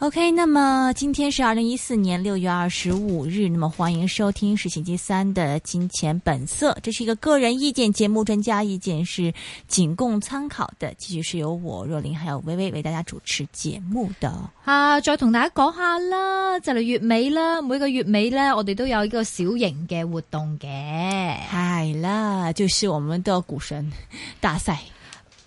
OK，那麼今天是二零一四年六月二十五日，那麼歡迎收聽是星期三的《金錢本色》，這是一個個人意見節目，專家意見是僅供參考的。繼續是由我若琳還有微微為大家主持節目的。啊，再同大家講下啦，就嚟月尾啦，每個月尾呢，我哋都有一個小型嘅活動嘅，係啦，就是我們的股神大賽。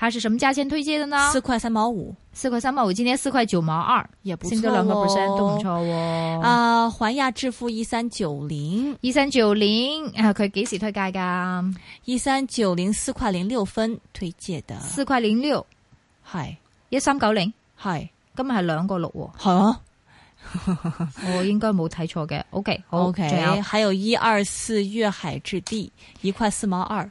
它是什麼價錢推介的呢？四塊三毛五，四塊三毛五。今天四塊九毛二，也不錯，兩個 percent 都不錯哦。啊、呃，環亞致富一三九零，一三九零啊，佢幾時推介噶？一三九零四塊零六分推介的，四塊零六 Hi，係一三九零，係今日係兩個六、哦，哈好、啊， 我應該冇睇錯嘅。O、okay, K，好，仲 Okay, 要有喺度一二四粵海置地一塊四毛二。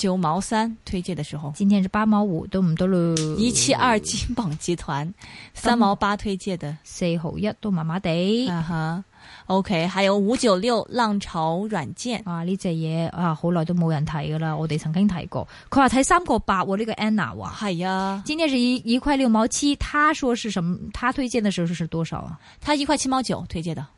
九毛三推薦的時候，今天是八毛五，都唔得咯。一七二金榜集團，三、嗯、毛八推薦的四毫一都麻麻地。啊哈、uh huh.，OK，還有五九六浪潮軟件。啊，呢隻嘢啊，好耐都冇人睇噶啦。我哋曾經睇過，佢話睇三個八，我呢個 Anna，哇，係、哎、呀。今天是一一塊六毛七，他說是什麼？他推薦的時候是多少啊？1 他一塊七毛九推薦的。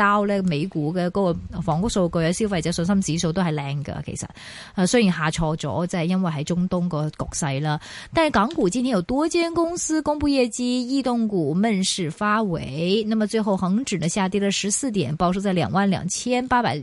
交美股嘅嗰個房屋數據啊，消費者信心指數都係靚㗎，其實啊、呃、雖然下錯咗，即、就、係、是、因為喺中東個局勢啦。但係港股今天有多間公司公布業績，異動股悶市發圍，那麼最後恒指呢下跌了十四點，報收在兩萬兩千八百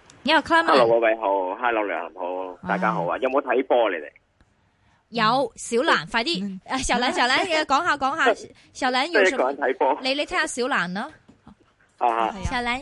你好，Clara。Hello，各位好，Hello，梁恒好，大家好啊！有冇睇波？你哋有小蘭，快啲！小蘭，小蘭，講下講下，小蘭有冇？你你聽下小蘭啦。啊。小蘭。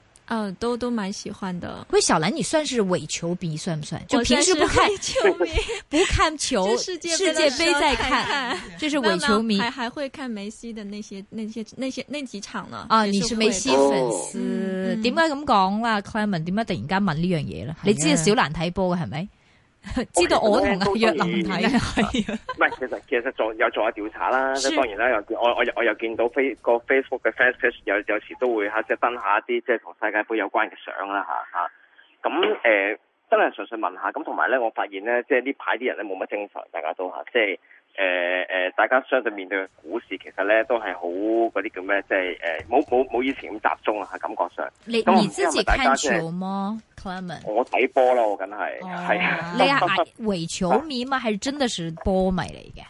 嗯，都都蠻喜歡的。喂，小蘭，你算是偽球迷算唔算？就平時不看，球不看球，世界杯在看，就是偽球迷。還還會看梅西的那些、那些、那些那幾場呢？啊，你是梅西粉絲？點解咁講啦？Clement，點解突然間問呢樣嘢啦？你知小蘭睇波嘅係咪？知道我同阿葉林睇係啊，唔係、okay, 嗯，其實其實做有做下調查啦，即 當然啦，又我我又我又見到 face 個 Facebook 嘅 fans 有有時都會吓即係登下一啲即係同世界杯有關嘅相啦吓吓，咁、啊、誒、啊啊、真係純粹問下，咁同埋咧，我發現咧即係呢排啲、就是、人咧冇乜精神，大家都吓即係。啊就是誒誒、呃呃，大家相對面對嘅股市，其實咧都係好嗰啲叫咩？即係誒，冇冇冇以前咁集中啊，感覺上。你是是你自己看球麼 Clement，我睇波啦，我梗係係你係偽球迷嘛？還、嗯啊、是真的是波迷嚟嘅？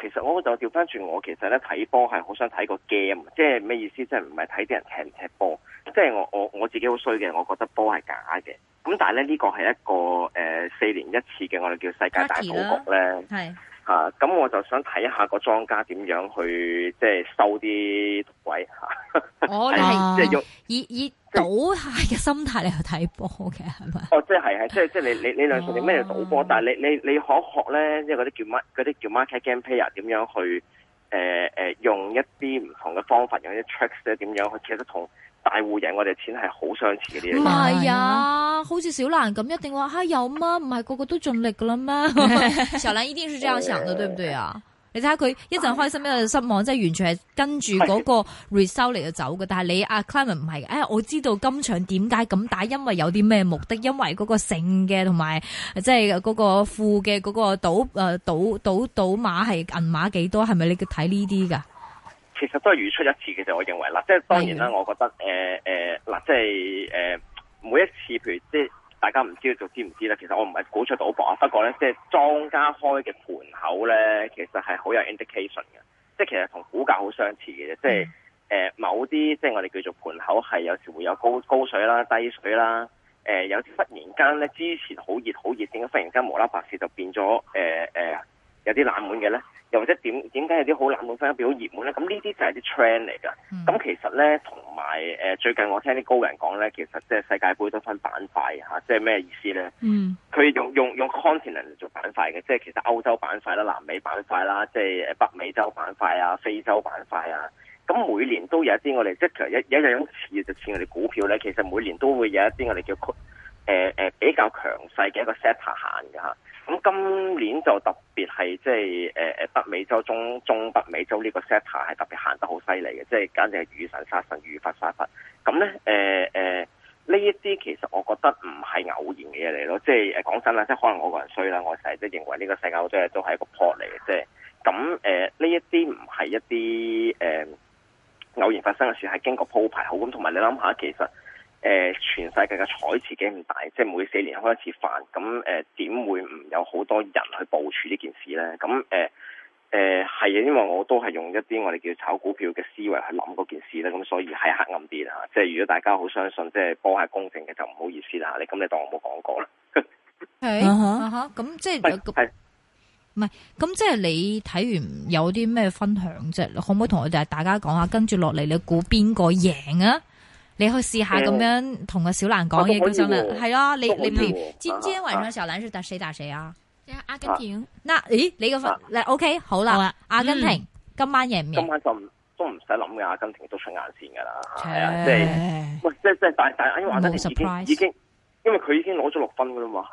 其實我就調翻轉，我其實咧睇波係好想睇個 game，即係咩意思？即係唔係睇啲人踢唔踢波？即係我我我自己好衰嘅，我覺得波係假嘅。咁但係咧呢、這個係一個誒四、呃、年一次嘅我哋叫世界大賭局咧。啊！咁我就想睇一下個莊家點樣去即係收啲位，嚇、oh, 呵，我係即係用以以賭客嘅心態嚟去睇波嘅，係咪？哦，即係係即係即係你你你兩條你咩賭波？Oh. 但係你你你可學咧，即係嗰啲叫乜嗰啲叫 market game player 點樣去、呃、用一啲唔同嘅方法，用一 tracks 咧點樣去其實同。大戶贏我哋錢係好相似嘅呢啲，唔係啊，好似小蘭咁一定話吓、啊、有嗎？唔係個個都盡力噶啦咩？ 小蘭呢啲算最有錢嘅， 對唔對啊？ 你睇下佢一陣開心一陣失望，唉即係完全係跟住嗰個 result 嚟，就走嘅。 但係你啊 Clement 唔係嘅，哎，我知道今場點解咁打，因為有啲咩目的，因為嗰個勝嘅同埋即係嗰個負嘅嗰個賭誒賭賭賭馬係銀碼幾多，係咪你睇呢啲噶？其實都係如出一次嘅，就我認為啦，即係當然啦，我覺得誒誒，嗱、呃呃、即係誒、呃，每一次譬如即係大家唔知道就知唔知啦。其實我唔係鼓吹賭博啊，不過咧即係莊家開嘅盤口咧，其實係好有 indication 嘅，即係其實同股價好相似嘅啫，嗯呃。即係誒，某啲即係我哋叫做盤口係有時會有高高水啦、低水啦，誒、呃，有啲忽然間咧之前好熱好熱，點解忽然間無啦啦白事就變咗誒誒？呃呃有啲冷門嘅咧，又或者點點解有啲好冷門反而變好熱門咧？咁呢啲就係啲 trend 嚟㗎。咁、嗯、其實咧，同埋、呃、最近我聽啲高人講咧，其實即係世界盃都分板塊嚇、啊，即係咩意思咧？嗯，佢用用用 continent 嚟做板塊嘅，即係其實歐洲板塊啦、南美板塊啦、即係北美洲板塊啊、非洲板塊啊。咁每年都有一啲我哋即係其實一,一樣事就似我哋股票咧，其實每年都會有一啲我哋叫。誒誒、呃，比較強勢嘅一個 sector 行嘅吓，咁、嗯、今年就特別係即係誒誒，北美洲中中北美洲呢個 sector 係特別行得好犀利嘅，即係簡直係遇神殺神，遇佛殺佛。咁咧，誒、呃、誒，呢一啲其實我覺得唔係偶然嘅嘢嚟咯，即係誒講真啦，即係可能我個人衰啦，我成日即係認為呢個世界好多嘢都係一個 plot 嚟嘅啫。咁誒，呢、呃、一啲唔係一啲誒偶然發生嘅事，係經過鋪排好咁。同埋你諗下，其實。誒、呃，全世界嘅彩池幾咁大，即係每四年開一次飯，咁誒點會唔有好多人去部署呢件事咧？咁誒誒係啊，因為我都係用一啲我哋叫炒股票嘅思維去諗嗰件事咧，咁所以係黑暗啲啦。即係如果大家好相信即係波係公正嘅，就唔好意思啦。你咁你當我冇講過啦。係咁即係唔係咁即係你睇完有啲咩分享啫？可唔可以同我哋大家講下？跟住落嚟你估邊個贏啊？你去試下咁樣同阿小蘭講嘢咁樣，係咯？你你譬如今天晚上小蘭是打誰打誰啊？阿根廷。嗱，咦？你個嗱 OK 好啦，阿根廷今晚贏唔贏？今晚就都唔使諗嘅，阿根廷都出硬線㗎啦，係啊，即係即即即大大啱話都已經已經，因為佢已經攞咗六分㗎啦嘛。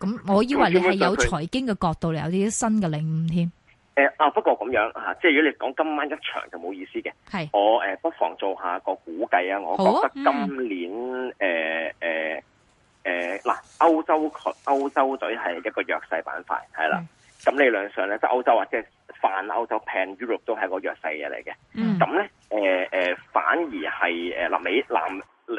咁我以為你係有財經嘅角度嚟，有啲新嘅領悟添。誒，啊，不過咁樣吓，即係如果你講今晚一場就冇意思嘅，係是，我誒不妨做一下個估計啊，我覺得今年誒誒誒，嗱，歐洲歐洲隊係一個弱勢板塊，係啦，咁理論上咧，即係歐洲或者係泛歐洲、Pan Europe 都係一個弱勢嘢嚟嘅，咁咧、嗯，誒誒、呃呃，反而係誒南美南。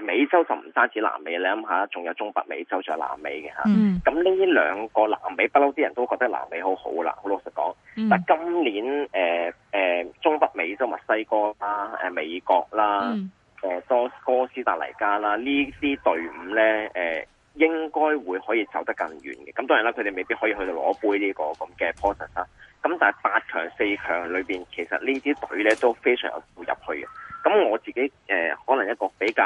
美洲就唔單止南美，你諗下，仲有中北美洲、仲有南美嘅吓。咁呢兩個南美不嬲，啲人都覺得南美好好啦。好老實講，mm. 但今年、呃呃、中北美洲、墨西哥啦、呃、美國啦、mm. 呃、多哥斯達黎加啦，呢啲隊伍咧、呃、應該會可以走得更遠嘅。咁當然啦，佢哋未必可以去到攞杯呢個咁嘅 process 啦。咁但係八強、四強裏面，其實呢啲隊咧都非常有入去嘅。咁我自己誒、呃，可能一個比較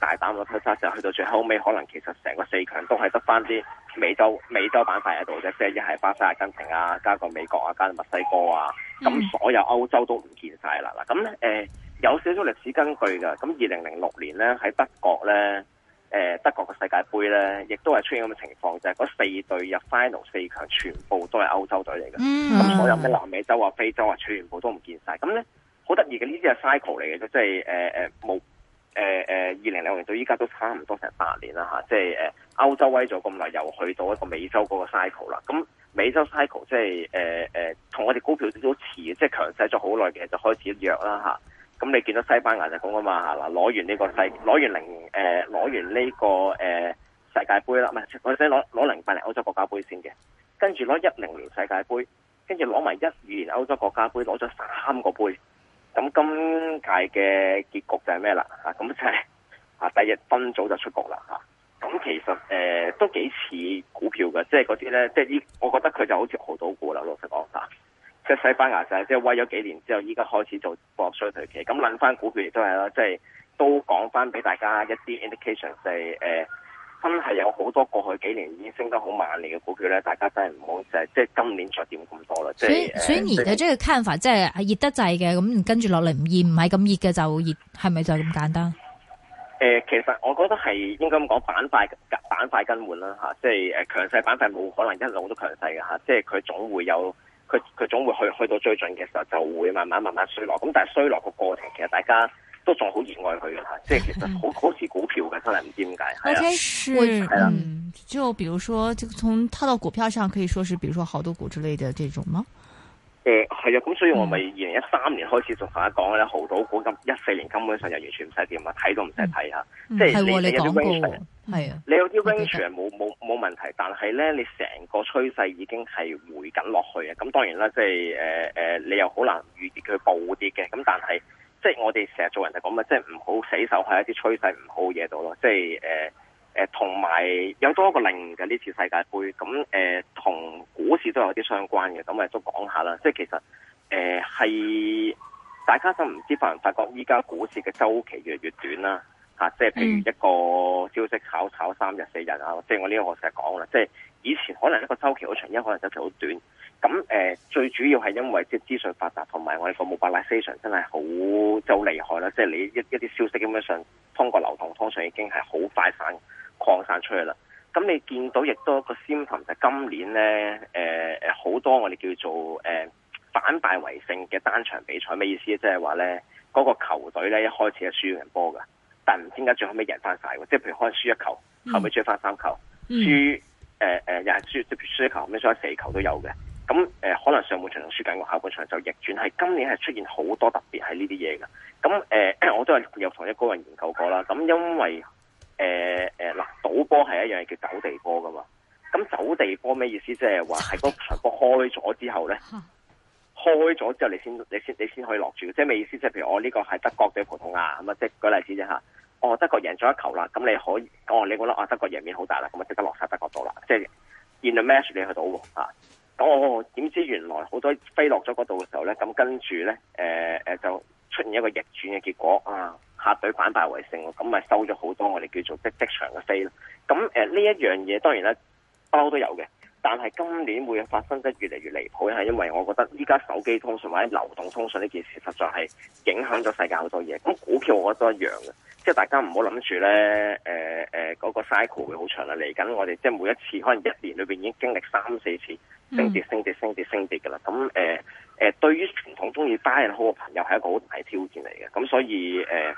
大膽嘅推測就係去到最後尾，可能其實成個四強都係得翻啲美洲、美洲板塊喺度啫，即係一係巴西阿根廷啊，加個美國啊，加個墨西哥啊，咁所有歐洲都唔見晒啦。咁咧誒，有少少歷史根據㗎。咁二零零六年咧喺德國咧，誒、呃、德國嘅世界盃咧，亦都係出現咁嘅情況，就係、是、嗰四隊入 final 四強全部都係歐洲隊嚟嘅，咁、嗯、所有嘅南美洲啊、非洲啊，全部都唔見晒。咁咧。好得意嘅呢啲係 cycle 嚟嘅，即係誒誒冇誒誒二零零零到依家都差唔多成八年啦嚇，即係誒歐洲威咗咁耐，又去到一個美洲嗰個 cycle 啦。咁美洲 cycle 即係，誒同我哋股票都好似，即係強勢咗好耐嘅就開始弱啦嚇，咁、啊，你見到西班牙就咁啊嘛，嗱，攞完呢個世攞完零誒攞完呢、這個誒、呃、世界盃啦，唔係我先攞攞零八年歐洲國家杯先嘅，跟住攞一零年世界盃，跟住攞埋一二年歐洲國家杯，攞咗三個杯。咁今屆嘅結局就係咩啦？咁就係、是、啊，第一分組就出局啦。咁其實誒、呃、都幾似股票嘅，即係嗰啲咧，即係依，我覺得佢就好似濠賭股啦，老實講，即係西班牙就係，即係威咗幾年之後，依家開始做博衰退期。咁諗翻股票亦都係啦，即係都講翻俾大家一啲 indication 就係、是呃真係有好多過去幾年已經升得好猛烈嘅股票咧，大家真係唔好就係即係今年再點咁多啦。所以所以你嘅呢個看法即係熱得滯嘅，咁跟住落嚟唔熱唔係咁熱嘅就熱，是，係咪就咁簡單？誒、呃，其實我覺得係應該咁講，板塊板塊更換啦嚇，即係誒強勢板塊冇可能一路都強勢嘅嚇，即係佢總會有佢佢總會去去到最盡嘅時候就會慢慢慢慢衰落。咁但係衰落個過程其實大家。都仲好熱愛佢嘅吓，即係其實好好似股票嘅，真係唔知點解。OK，係啦、啊嗯。就比如說，就從淘到股票上，可以說是，比如說好多股之類嘅這種嗎？誒係、呃、啊，咁所以我咪二零一三年開始同大家講咧，濠賭股今一四年根本上就完全唔使掂啊，睇都唔使睇吓。即係你有啲温係啊，你有啲温船冇冇冇問題，但係咧你成個趨勢已經係回緊落去啊。咁、嗯、當然啦，即係誒誒，你又好難預見佢暴跌嘅。咁但係。即係我哋成日做人就咁嘅，即係唔好死守喺一啲趨勢唔好嘢度咯。即係誒誒，同、呃、埋、呃、有，有多一個零嘅呢次世界盃，咁誒同股市都有啲相關嘅，咁啊都講下啦。即係其實誒係、呃、大家都唔知發唔發覺，依家股市嘅周期越來越短啦。嚇、啊，即係譬如一個消息炒炒三日四日啊，即係我呢個我成日講啦，即係。以前可能一個周期好長，因為可能周期好短。咁誒、呃，最主要係因為即係資訊發達，同埋我哋個 mobility 上真係好就厲害啦。即係你一一啲消息基本上通過流動通訊已經係好快散擴散出去啦。咁你見到亦都一個鮮明，就今年咧，誒、呃、誒，好多我哋叫做誒、呃、反敗為勝嘅單場比賽。咩意思呢？即係話咧，嗰、那個球隊咧一開始係輸人波噶，但係唔知點解最後尾贏翻晒。即係譬如可能輸一球，後尾追翻三球，輸、嗯。誒誒，又係輸，即譬如輸一球，咩所有四球都有嘅。咁、嗯、誒、呃，可能上半場輸緊，個下半場就逆轉。係今年係出現好多特別係呢啲嘢嘅。咁、嗯、誒、呃，我都係有同一個人研究過啦。咁、嗯、因為誒誒，嗱、呃，賭波係一樣嘢叫走地波噶嘛咁、嗯、走地波咩意思？即係話喺場波開咗之後咧，開咗之後你先你先你先可以落注。即係咩意思？即係譬如我呢個係德國對葡萄牙咁啊，即係舉例子啫吓。我、哦、德國贏咗一球啦，咁你可以，我、哦、你覺得啊、哦，德國贏面好大啦，咁咪即刻落晒德國度啦，即係 in the match 你去到啊，咁我點知原來好多飛落咗嗰度嘅時候咧，咁跟住咧，誒、呃、誒就出現一個逆轉嘅結果啊，客隊反敗為勝，咁咪收咗好多我哋叫做即、即場嘅飛咯，咁誒呢一樣嘢當然咧不嬲都有嘅。但係今年會發生得越嚟越離譜，係因為我覺得依家手機通訊或者流動通訊呢件事，實在係影響咗世界好多嘢。咁股票我覺得都一樣嘅，即係大家唔好諗住呢誒誒，嗰、呃呃那個 cycle 會好長啦。嚟緊我哋即係每一次可能一年裏邊已經經歷三四次升跌、升跌、升跌、升跌嘅啦。咁誒誒，對於傳統中意 buy in 好嘅朋友係一個好大的挑戰嚟嘅。咁所以誒誒、呃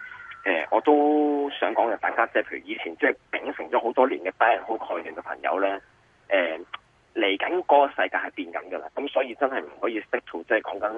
呃，我都想講嘅，大家即係譬如以前即係秉承咗好多年嘅 buy in 好概念嘅朋友呢。誒、呃。嚟緊個世界係變緊㗎喇，咁所以真係唔可以 stick to，即係講緊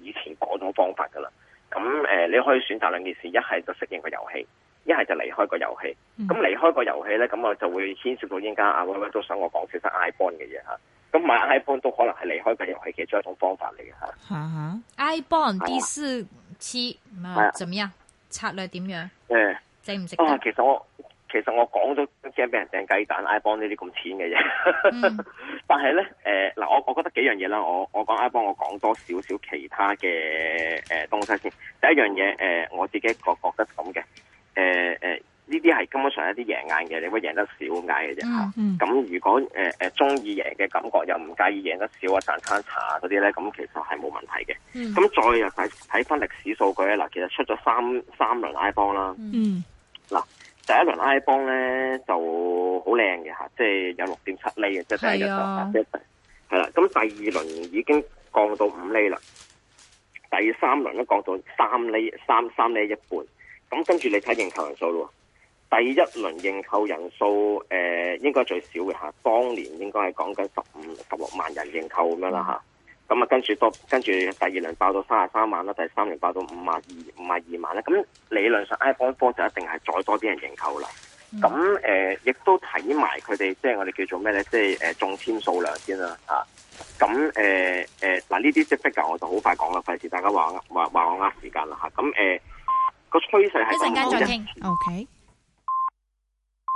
以前嗰種方法㗎喇。咁、呃、你可以選擇兩件事，一係就適應個遊戲，一係就離開個遊戲。咁、嗯、離開個遊戲呢，咁我就會牽涉到依家阿威威都想我講少少 iBond 嘅嘢吓。咁買 iBond 都可能係離開個遊戲嘅其中一種方法嚟嘅。iBond 第四期啊，啊怎樣策略點樣？誒、呃，值唔值？啊，其實我。其實我講咗驚俾人掟雞蛋，IPO 呢啲咁淺嘅嘢，嗯、 但係呢，誒、呃、嗱，我我覺得幾樣嘢啦，我我講 IPO，我講多少少其他嘅誒、呃、東西先。第一樣嘢誒、呃，我自己覺覺得咁嘅誒誒，呢啲係根本上一啲贏硬嘅，你會贏得少啲嘅啫嚇。咁、嗯嗯啊、如果誒誒中意贏嘅感覺，又唔介意贏得少啊賺餐茶嗰啲呢，咁其實係冇問題嘅。咁、嗯、再又睇睇翻歷史數據啊嗱，其實出咗三三輪 IPO 啦，嗱、嗯。第一輪 iBond 咧，就好靚嘅吓，即、就、係、是、有六點七厘嘅，即係第一日就係、是、啦。咁第二輪已經降到五厘啦，第三輪都降到三厘，三三厘一半。咁跟住你睇認購人數咯，第一輪認購人數誒、呃、應該最少嘅吓，當年應該係講緊十五十六萬人認購咁樣啦吓。嗯咁啊，跟住多，跟住第二輪爆到三十三萬啦，第三輪爆到五萬二五萬二萬啦。咁理論上 iPhone Four 就一定係再多啲人認購啦。咁誒、嗯，亦、呃、都睇埋佢哋即係我哋叫做咩咧，即係中簽數量先啦嚇。咁誒誒，嗱呢啲即刻講，啊啊、我就好快講啦，費事大家話話話我呃時間啦嚇。咁誒個趨勢係一陣間再傾，OK。